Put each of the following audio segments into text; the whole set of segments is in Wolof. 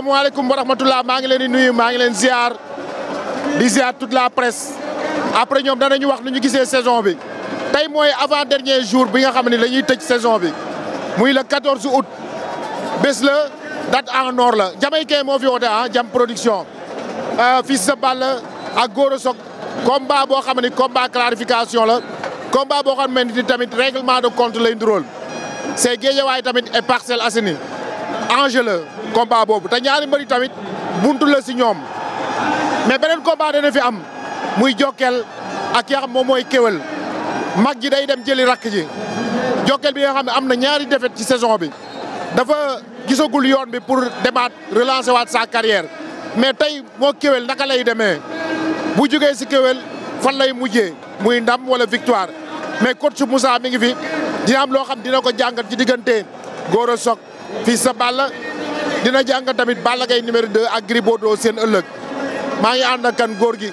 asalaamaaleykum wa rahmatullah maa ngi leen di nuyu maa ngi leen ziar di ziar toute la presse après ñoom danañu wax nu ñu gisee saison bi tey mooy avant dernier jour bi nga xam ne dañuy tëj saison bi muy le 14 août bés la date en or la jamaïcain moo fi woote ah jam production euh, Fils de Balla ak Goro soc combat boo xam ne combat clarification la combat boo xam ne ni tamit règlement de compte lay nduróol c'est Guédiawaye tamit et Parcelles Assainies enjeu la combat boobu te ñaari mbëri tamit buntu la si ñoom mais beneen combat dana fi am muy Jokkel ak ki moom mooy Kéwel mag ji day dem jëli rakk ji Jokkel bi nga xam ne am na ñaari défaite ci saison bi dafa gisagul yoon bi pour demaat relancer waat sa carrière mais tey moo kéwél naka lay demee bu jógee si kéwél fan lay mujjee muy ndam wala victoire mais coach Moussa mi ngi fi dina am loo xam dina ko jàngat ci diggante Gora Sock fii sa Balla dina jàng tamit Balla Gaye numéro 2 ak Gris Bordeaux seen ëllëg maa ngi ànd ak kan góor gi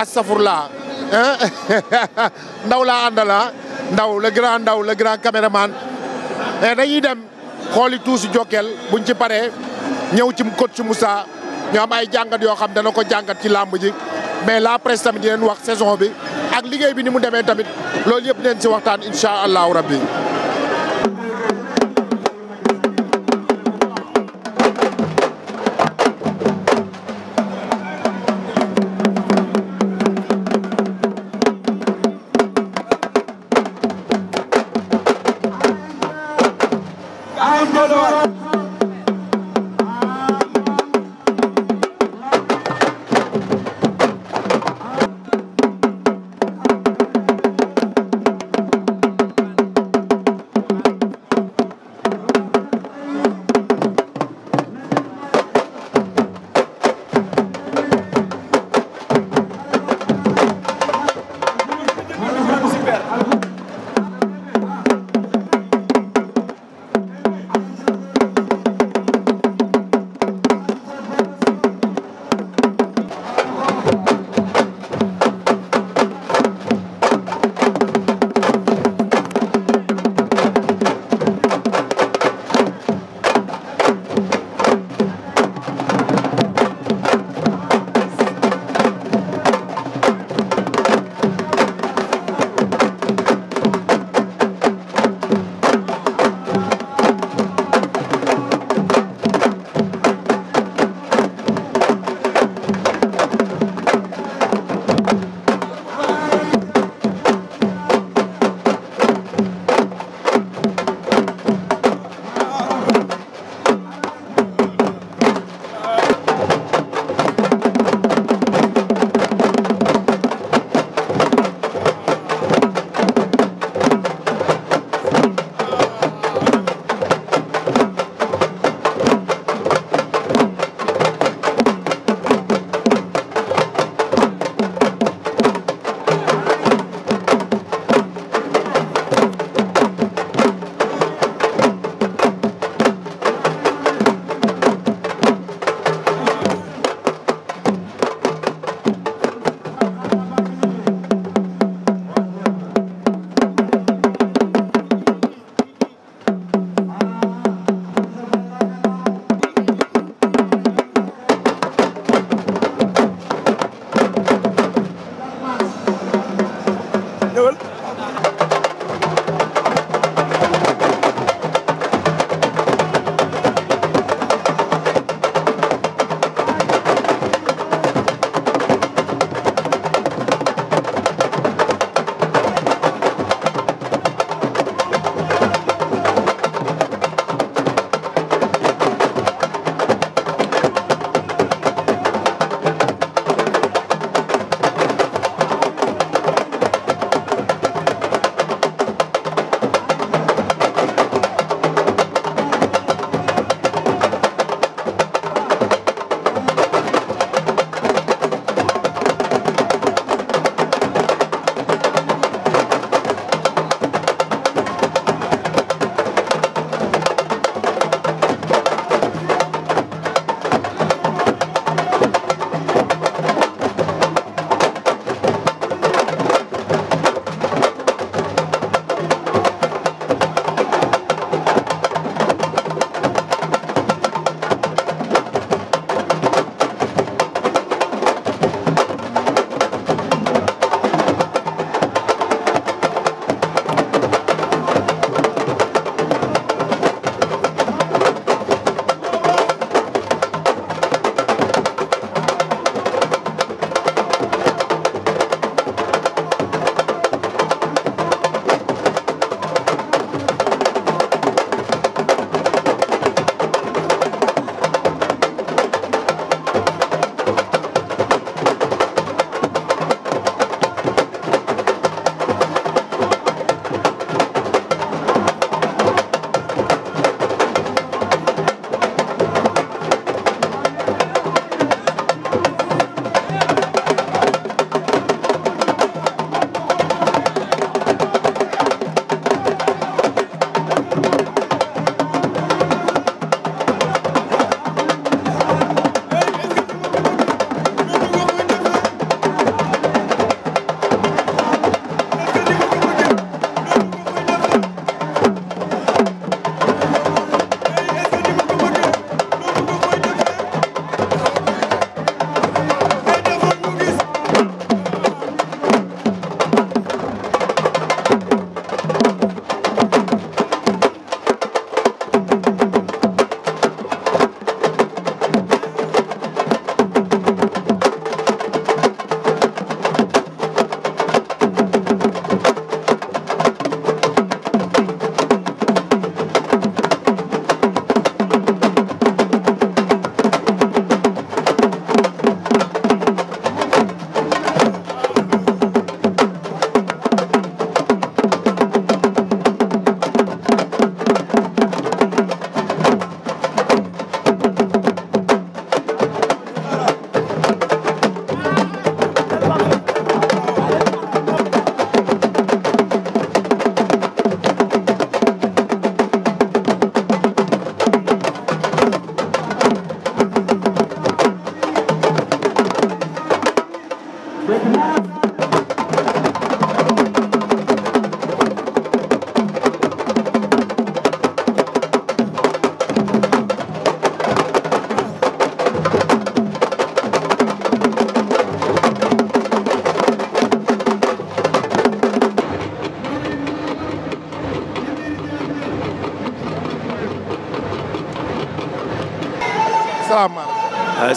astafurlaa ndaw laa àndala ah. ndaw le grand ndaw le grand caméraman mais eh, dañuy dem xooli tuusi jokeel buñ ci paree ñëw ci coach Moussa ñu am ay jàngat yoo xam dana ko jàngat ci làmb ji mais la presse tamit di leen wax saison bi ak liggéey bi ni mu demee tamit loolu yëpp neen si waxtaan incha allahu rabbi Hallelujah.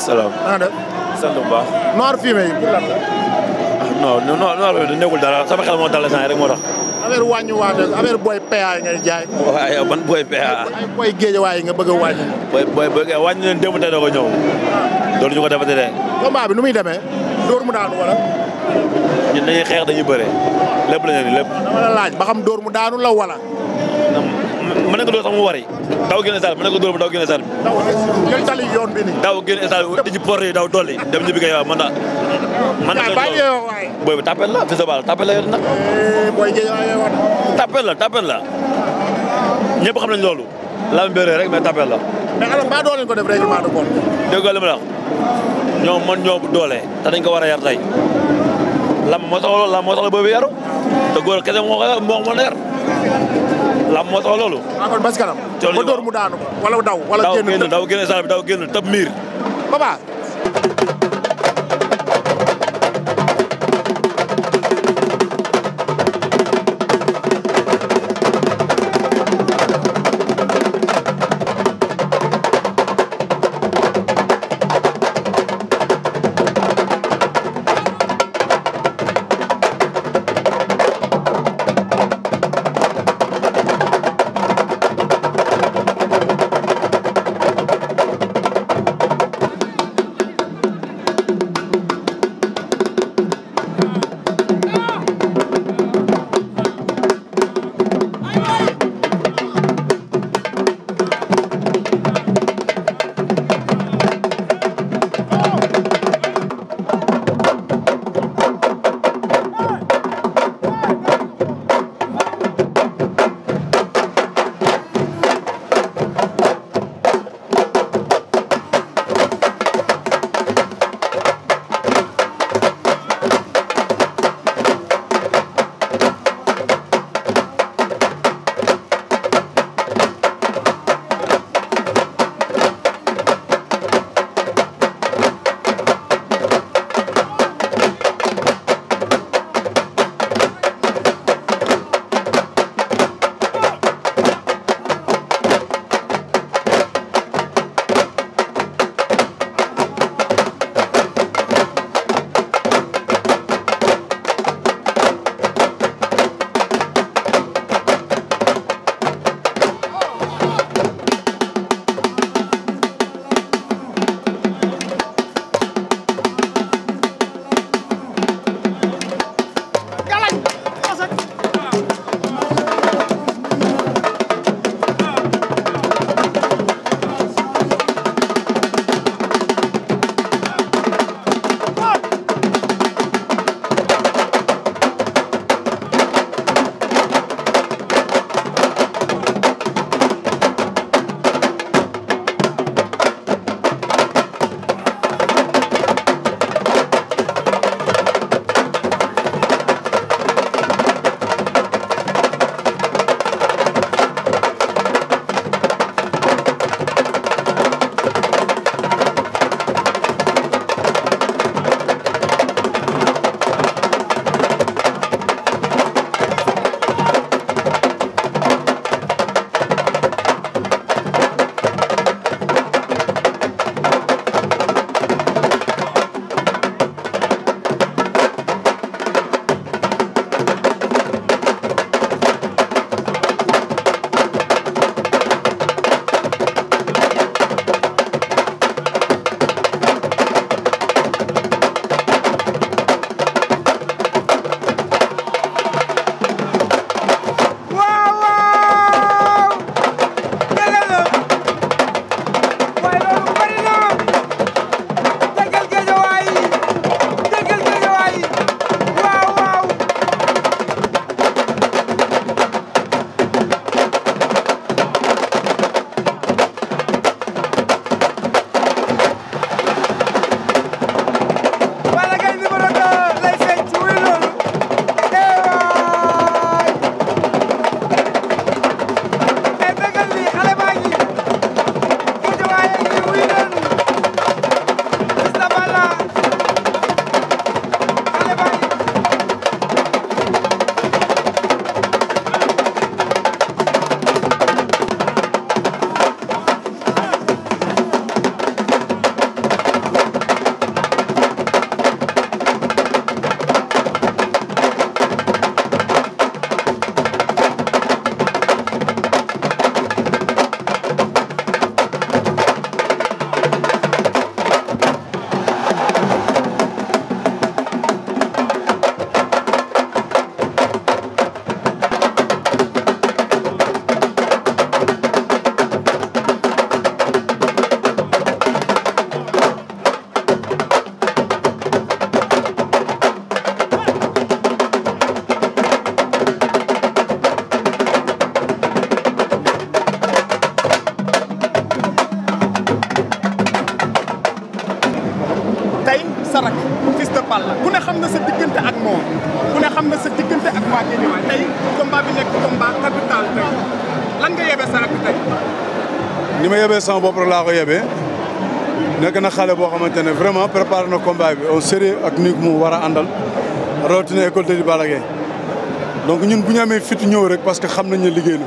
salaam. na nga def. sant bu baax. noir fumier yi pour lan la. non non noir bi nekkul dara sama xel moo dal la rek moo tax. affaire wàññiwaat ak affaire booy PA yi ngay jaay. waaw yow ban booy PA. ay booy géejewaay yi nga bëgg a wàññi. booy booy wàññi leen démb tey doo ko ñëw. loolu ah. ñu ko defante de. combat bi nu muy demee. dóor mu daan wala. ñun dañuy xeex dañuy bëre lépp la ñu lépp. Ah, dama la laaj ba xam dóor mu daanu la wala. ne ko dóor sax mu wari daw génn stade bi ma ne ko dóor mu daw génn stade bi. jël tali yoon bi nii. daw génn stade bi di porte yi daw dolli dem ñibbi kay waaw man daal. man daal booy bi tapel la Fils de Balla tapel la yor nag. Eh, booy géej waaye woon. tapel la tapel la ñëpp xam nañ loolu. lan béré rek mais tapel la. mais alors mbaa doole ko def règlement de compte. dégg nga li ma la wax ñoom man ñoo doole te dañ ko war a yar tey. lam moo tax loolu lam moo tax la boobu yaru te góor kese moo ko moo mën a yar. lam moo loolu. waaw ah, kon bés kanam. ba dóor mu daan wala daw. wala génn daw génn saal bi daw génn tëb miir. papa sama bopp rek laa ko yebee nekk na xale boo xamante ne vraiment préparé na combat bi au sérieux ak ni mu war a àndal rawatina école de Balla Gaye donc ñun bu ñu amee fit ñëw rek parce que xam nañ ne liggéey na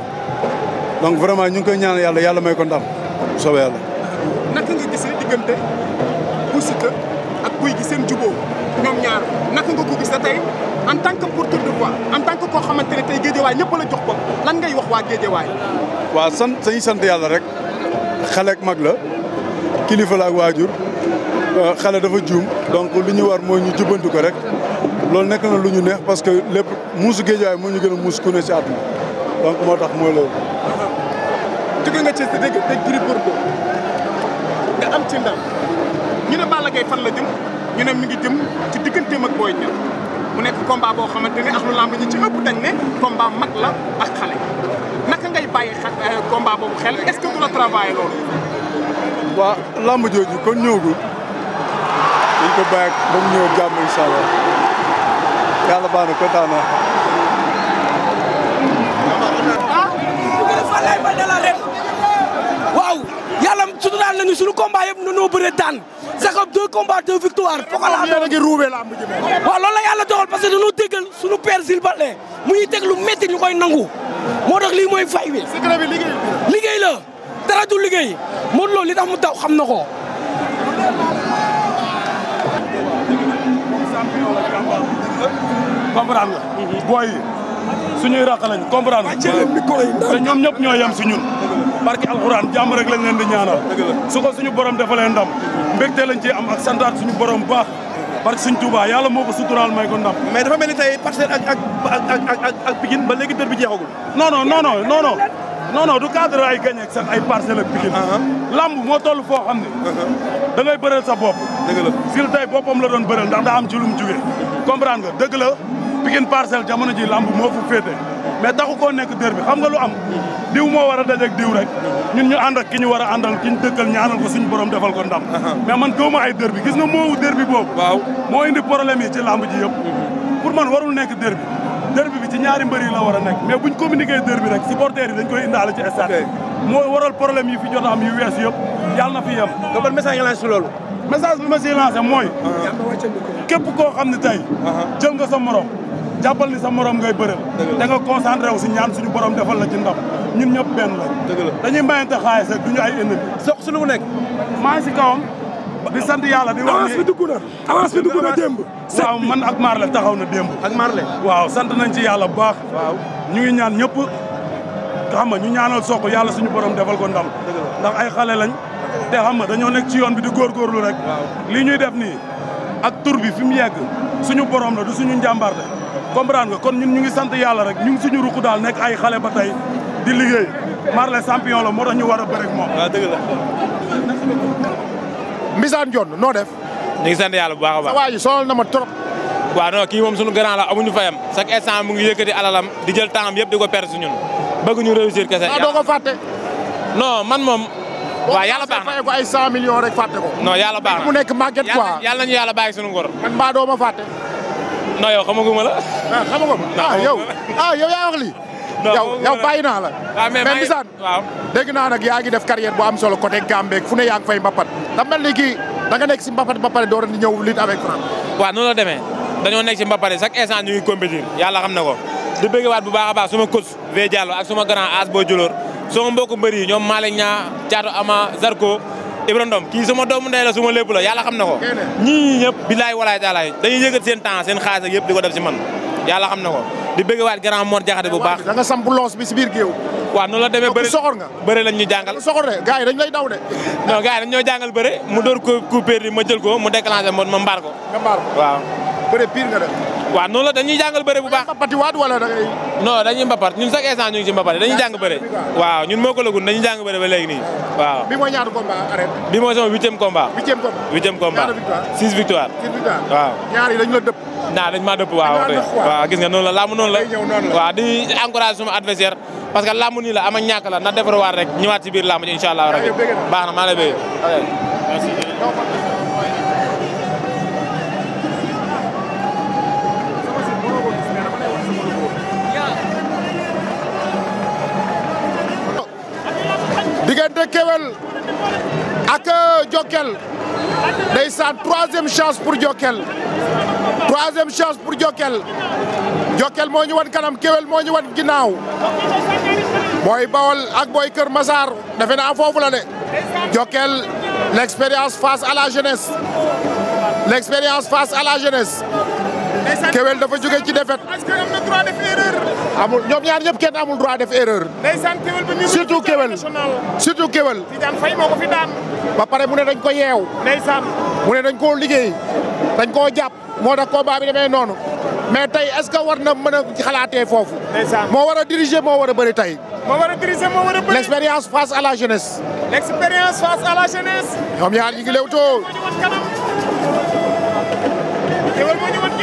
donc vraiment ñu ngi koy ñaanal yàlla yàlla may ko ndam soobee yàlla. naka nga gisee diggante Bou Siteu ak Gouye Gui seen ñoom ñaar naka nga ko gis tey en tant que porteur de voix en tant que koo tey géejewaay ñëpp la jox bopp lan ngay wax waa waaw sant dañuy sant yàlla rek. xale ak mag la kilifa la ak waajur euh, xale dafa juum donc li ñu war mooy ñu jubbanti ko rek loolu nekk na lu ñu neex parce que lépp muusu géejawaay moo ñu gën a muus ku ne si mooy loolu. jóge nga ci am ci ndam ñu ne Balla Gaye fan la jëm ñu ne mi ngi jëm ci digganteem ak Boy Niang mu nekk combat boo xamante ne ak lu lamb ñi ci ëpp dañ ne combat mag la ak xale. combat boobu que mën ah, waaw yàlla suturaal nañu suñu combat yëpp dañoo bëre daan Jacob deux combats deux victoires. Pokola doon ngi ruubee làmb ji waaw loolu la yàlla dogal parce que dañoo déggal suñu père mu ñuy teg lu métti ñu koy nangu. moo tax lii mooy fay wi. liggéey la dara du liggéey Modou Lo li tax mu daw xam na ko. comprendre nga. booy yi suñuy raq lañ comprendre nga. te ñoom ñëpp ñoo yam si ñun. barki alxuraan jàmm rek lañ leen di ñaanal. su ko suñu borom defalee ndam. mbégte lañ ci am ak santaat suñu borom baax. barke suñ Touba yàlla moo ko suturaal may ko ndam. mais dafa mel ni tey ak ak ba léegi dër bi jeexagul. noonoo non non non non non non non du cadre ay gagné ak ay Parcelles ak Pikine. Ah, ah. lamb moo toll foo xam ne. Ah, da ngay bëreel sa bopp. dëgg la Zil tey la doon bëreel ndax daa am ci lu mu jugee. la. Pikine parcelle jamono ji lamb moo fu féete mais taxu koo nekk dër bi xam nga lu am diw moo war a dajeeg diw rek ñun ñu ànd ak ki ñu war a àndal ki ñu dëkkal ñaanal ko suñu borom defal ko ndam mais man gëw ay dër gis nga moowu dër bi moo indi problème yi ci lamb ji yëpp pour man warul nekk dër bi bi ci ñaari mbër la war nekk mais buñ communiqué dër bi rek supporters yi dañ koy indaale ci stade moo waral problème yi fi jot am yu wees yëpp yàlla na fi yem nga ban message nga lancé si loolu message bi koo xam ne tey sa morom jàppal ni sa morom ngay bëreel da nga concentré wu si ñaan suñu borom defal la ci ndam ñun ñëpp benn la dañuy mbayante xaalis rek duñu ay ennemi sox suñu mu nekk maa ngi si kawam di sant yàlla di wax avance bi dugg na avance bi waaw man ak Marley taxaw na démb ak Marley waaw sant nañ ci yàlla bu baax ñu ngi ñaan ñëpp xam nga ñu ñaanal soq yàlla suñu borom defal ko ndam ndax ay xale lañ te xam nga dañoo nekk ci yoon bi di lu rek li ñuy def nii ak tur bi fi mu yegg suñu borom la du suñu njàmbaar de comprendre nga kon ñun ñu ngi sant yàlla rek ñu ngi suñu ruq daal nekk ay xale ba tey di liggéey Marley champion la moo tax ñu war a bëre moom. waaw dëgg la. Mbisaan Dione noo def. ñu ngi sant yàlla bu baax a baax. waaw na ma trop. waa non kii moom suñu grand la amuñu fayam chaque instant mu ngi yëkkati alalam di jël temps am yëpp di ko perdre ñun bëgg ñu réussir kese. waaw ah, doo ko fàtte. non man moom. waaw yàlla baax na ay 100 millions rek fàtte ko. non yàlla baax na mu nekk màgget quoi yàlla yàlla bàyyi suñu ngor. man mbaa doo non yow xamaguma la. ah xamaguma ah yow. ah yow yaa wax lii. bàyyi naa la. waaw ah, mais mais Mbissane dégg naa nag yaa ngi def carrière bu am solo côté Gambeeg fu ne yaa ngi fay mbapat. da mel ni kii da nekk si mbapat ba pare door a ñëw lutte avec Franc. waaw noonu la demee dañoo nekk si mbapat sak instant ñu ngi compétir yàlla xam na ko. di bëgg waat bu baax a baax suma coach Vé Diallo ak suma grand as boo jëloor suma mbokku mbëri yi ñoom Malick Niang Thiatou Ama Zarko Ibrahima Ndom kii suma doomu ndey la suma lépp la yàlla xam na ko ñii ñëpp bilaay walaay taalaay dañuy yëkkat seen temps seen xaalis ak yëpp di ko def si man yàlla xam na ko di bëgg waat grand Mor Jaxate bu baax da nga samp loos bi si biir géew waaw noonu la demee bëri soxor nga bëri lañ ñu jàngal soxor de gars yi dañ lay daw de non gars yi dañ ñoo jàngal bëri mu door ko coupé ma jël ko mu déclenché ma mbaar ko nga mbaar ko waaw bëri pire nga def waaw noonu la dañuy jàngal bëre bu baax. mbapati waat wala da ngay. non dañuy mbapat ñun chaque instant ñu ngi ci mbapat dañuy jàng bëre. waaw ñun moo ko lëgul dañuy jàng bëre ba léegi nii waaw. bi mooy ñaata combat arrête. bi mooy sama huitième combat. huitième combat huitième combat. six victoire six victoire. waaw ñaar yi dañu la naa dañ maa dëpp waaw. waaw gis nga noonu la laamu noonu la. waaw di encouragé suma adversaire parce que laamu nii la ama ñàkk la na defarawaat rek ñëwaat ci biir laamu ji incha allah rabbi baax na maa lay bëgg diggante Kewel ak euh, Jokkel ndeysaan troisième chance pour Jokkel troisième chance pour Jokkel Jokkel moo ñu wan kanam Kewel moo ñu wan ginnaaw booy Bawol ak booy Kër Massar defe naa foofu la de Jokkel l'expérience face à la jeunesse l'expérience face à la jeunesse Kewel dafa jóge ci défaite. ñoom ñaar ñëpp kenn amul droit def erreur. ndeysaan Kewel ba ñu surtout Kewel surtout Kewel. ba pare mu ne dañ ko yeew. ndeysaan mu ne dañ koo liggéey dañ koo jàpp moo tax combat bi demee noonu mais tey est ce que war na mën a xalaatee foofu. ndeysaan moo war a diriger moo war a bëri tey. moo war a a bëri. face à la jeunesse. ñoom ñaar ñu ngi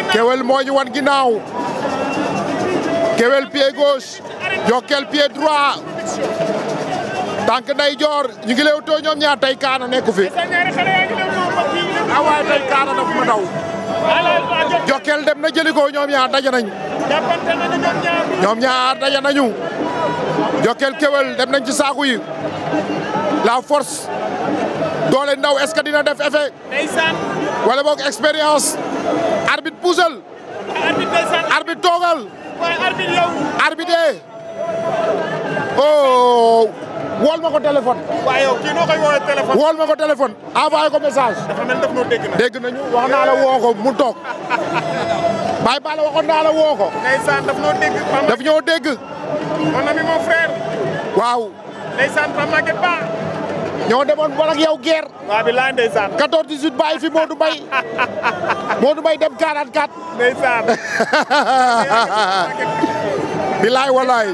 Keweul moo wan ginnaaw Keweul pied gauche Diockel pied droit tànk day joor ñi ngi leewtoo ñoom ñaar tey kaana nekku fi ah waaye tey kaana dafa ma daw dem na jëli ko ñoom ñaar daje nañ ñoom ñaar daje nañu Diockel Keweul dem nañ ci saaku yi la force doole ndaw est-ce que dina def effet wala boog expérience arbitre puusal. arbitre toogal. arbitre yow. arbitre. oh. wool ma ko téléphone. waaw yow kii wool ma ko téléphone. envoyé ko message. dafa na. dégg nañu wax naa mu toog. Baye Balla waxoon naa la ñoo dégg. mon ami mon frère. waaw. ndeysaan Pape Maguette ñoo demoon ba ak yow guerre. waaw bi laay ndeysaan. 14 18 fi Modou Mbaye Modou Mbaye dem 44. ndeysaan. bilaay walaay.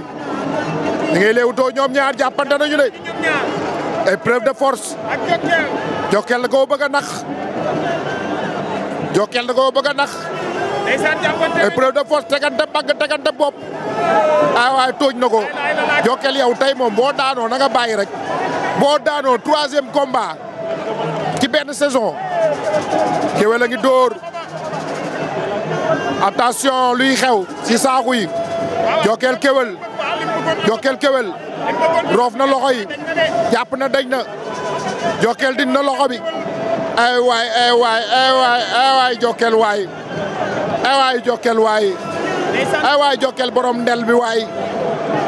da ngay leewtoo ñoom ñaar jàppante nañu de. épreuve de force. ak Jokkel. Jokkel da koo bëgg a nax. Jokkel da koo bëgg a épreuve de force tegante bagg tegante bopp ah waay tooñ na ko Jokal yow tey moom boo daanoo nanga nga bàyyi rek boo daanoo troisième combat ci benn saison Keweul a ngi dóor attention luy xew ci saaku yi Jokal Keweul Jokal Keweul roof na loxo yi jàpp na dañ na Jokal din na loxo bi ay waay ay waay ay waay ay waay Jokkel waay ay waay Jokkel waay ay borom ndel bi waay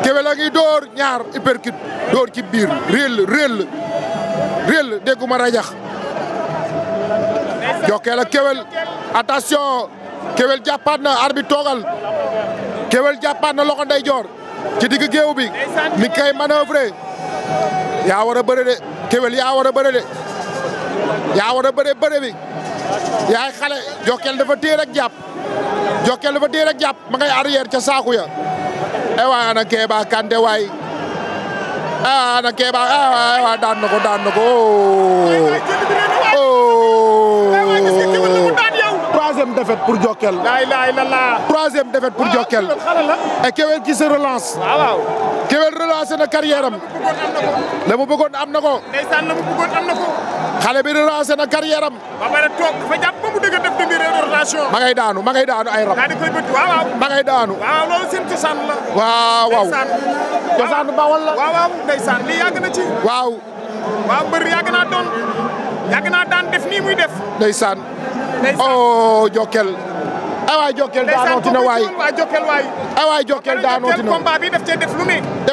Kewel a ngi door ñaar uppercut door ci biir réel réel réel dégguma rajax Jokkel ak Kewel attention Kewel jàppaat na arbitre toogal Kewel na loxo ndeyjoor ci digg géew bi mi ngi yaa war a de Kewel yaa war a de yaa war a bëre bëre bi yaay xale Jokal dafa téye rek jàpp Jokal dafa téye rek jàpp ma ngay arrière ca saaku ya e waay ana Keba Kante waay a ah, ana Keba a ah, ah, eh waay daan ko daan ko oh. troisième défaite pour Jokal la ilaha illallah troisième défaite pour Jokal et Kewel relance na carrière la mu bëggoon am na ko xale bi relancé na carrière am. ngay daanu ma ngay daanu ay rab. daa daanu. waaw la. waaw waaw ndeysaan. la. waaw waaw ndeysaan lii ci. waaw. waaw mbër yàgg doon yàgg def nii muy def. ndeysaan. ndeysaan oh Jokal. ay waay Jokal daanooti na waay ay waay Jokal daanooti na combat bi cee def lu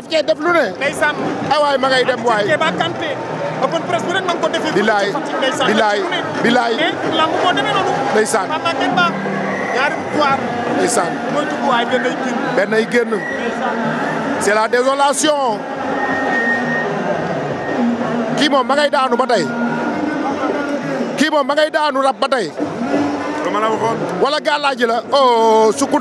cee def lu ne. ndeysaan ay waay ma ngay waay open press bu rek ma ko defee. bilaay bilaay bilaay lamb moo la désolation. kii moom ma ngay daanu ba tey. kii moom ma ngay daanu rab ba tey. dama la waxoon. wala gàllaaji la oh sukk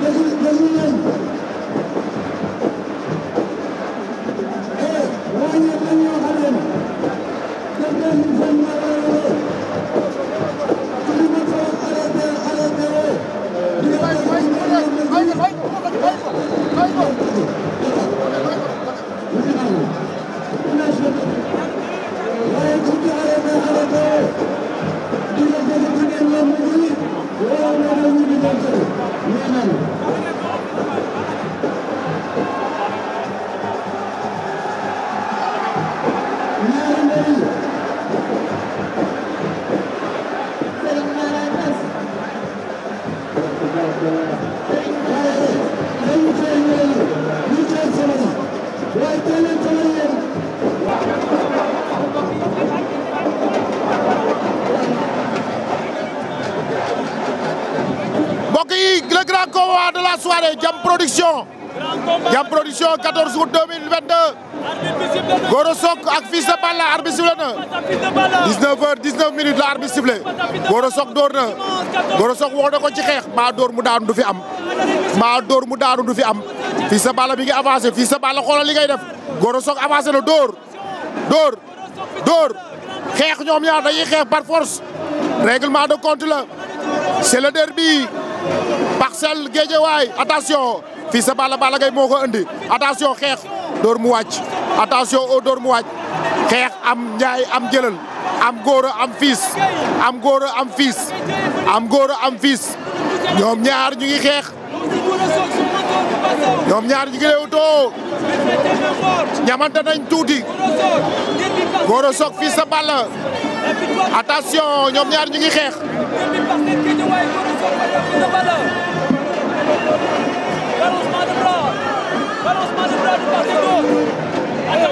Gracias. la soirée Jam Production Jam Production 14 août 2022 Goro Sock ak Fils de Balla arbitre sifflé na 19 heures 19 minutes la arbitre sifflé Goro Sock door na Goro Sock ko ci xeex mbaa door mu daanu du fi am mbaa door mu daanu du fi am Fils de Balla mi ngi avancé Fils de Balla xoolal li ngay def Goro Sock avancé na door door door xeex ñoom ñaar dañuy xeex par force règlement de compte la c'est le derby parcelle géejewaay attention fii sa Balla Balla Gaye moo ko andi attention xeex door mu wàcc attention o oh, door mu wàcc xeex am njaay am jëlal am góor am fiis am góor am fiis am góor am ñoom ñaar ñu ngi xeex ñoom ñaar ñu ngi leewtoo ñamante nañ tuuti Gora Sock fii sa Balla attention ñoom ñaar ñu ngi xeex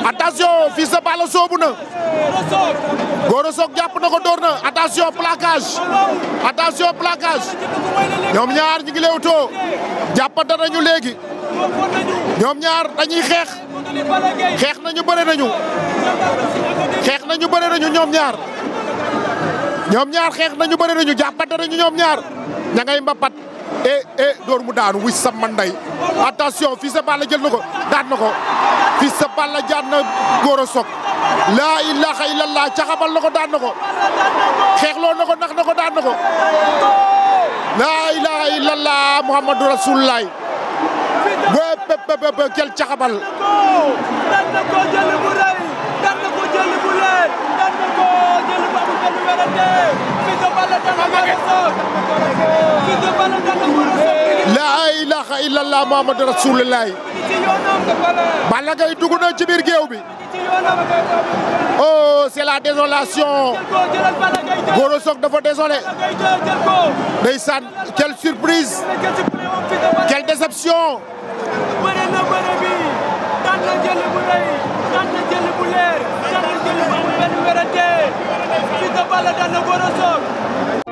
attention fils de Balla soobu na Gora Sock jàpp na ko dóor na attention plaquage attention plaquage ñoom ñaar ñu ngi léewtoo jàppante nañu léegi ñoom ñaar dañuy xeex xeex nañu bëre nañu xeex ñu bëre nañu ñoom ñaar ñoom ñaar xeex nañu bëre nañu jàppante nañu ñoom ñaar ña ngay mbapat eh eh dóor mu daanu wuy sa manday attention fii sa Balla jël na ko daan na ko fii sa Balla jaan na góor a sok laa ilaha illallah caxabal na ko daan na ko xeexloo na ko nax na ko daan na ko laa ilaha illallah muhammadu rasulullah bébé kel caxabal daan ko jël bu rëy daan ko jël bu leer daan ko jël bu amul benn werante laa ilaaha illallah muhammadu rasulullahi Balla Gaye dugg na ci biir géew bi oh c'est la désolation Gora Sock dafa désolé ndeysaan quelle surprise quelle déception daan na jël bu leer daan na jël bu amul benn werante Fils de Balla daan na Gora Sock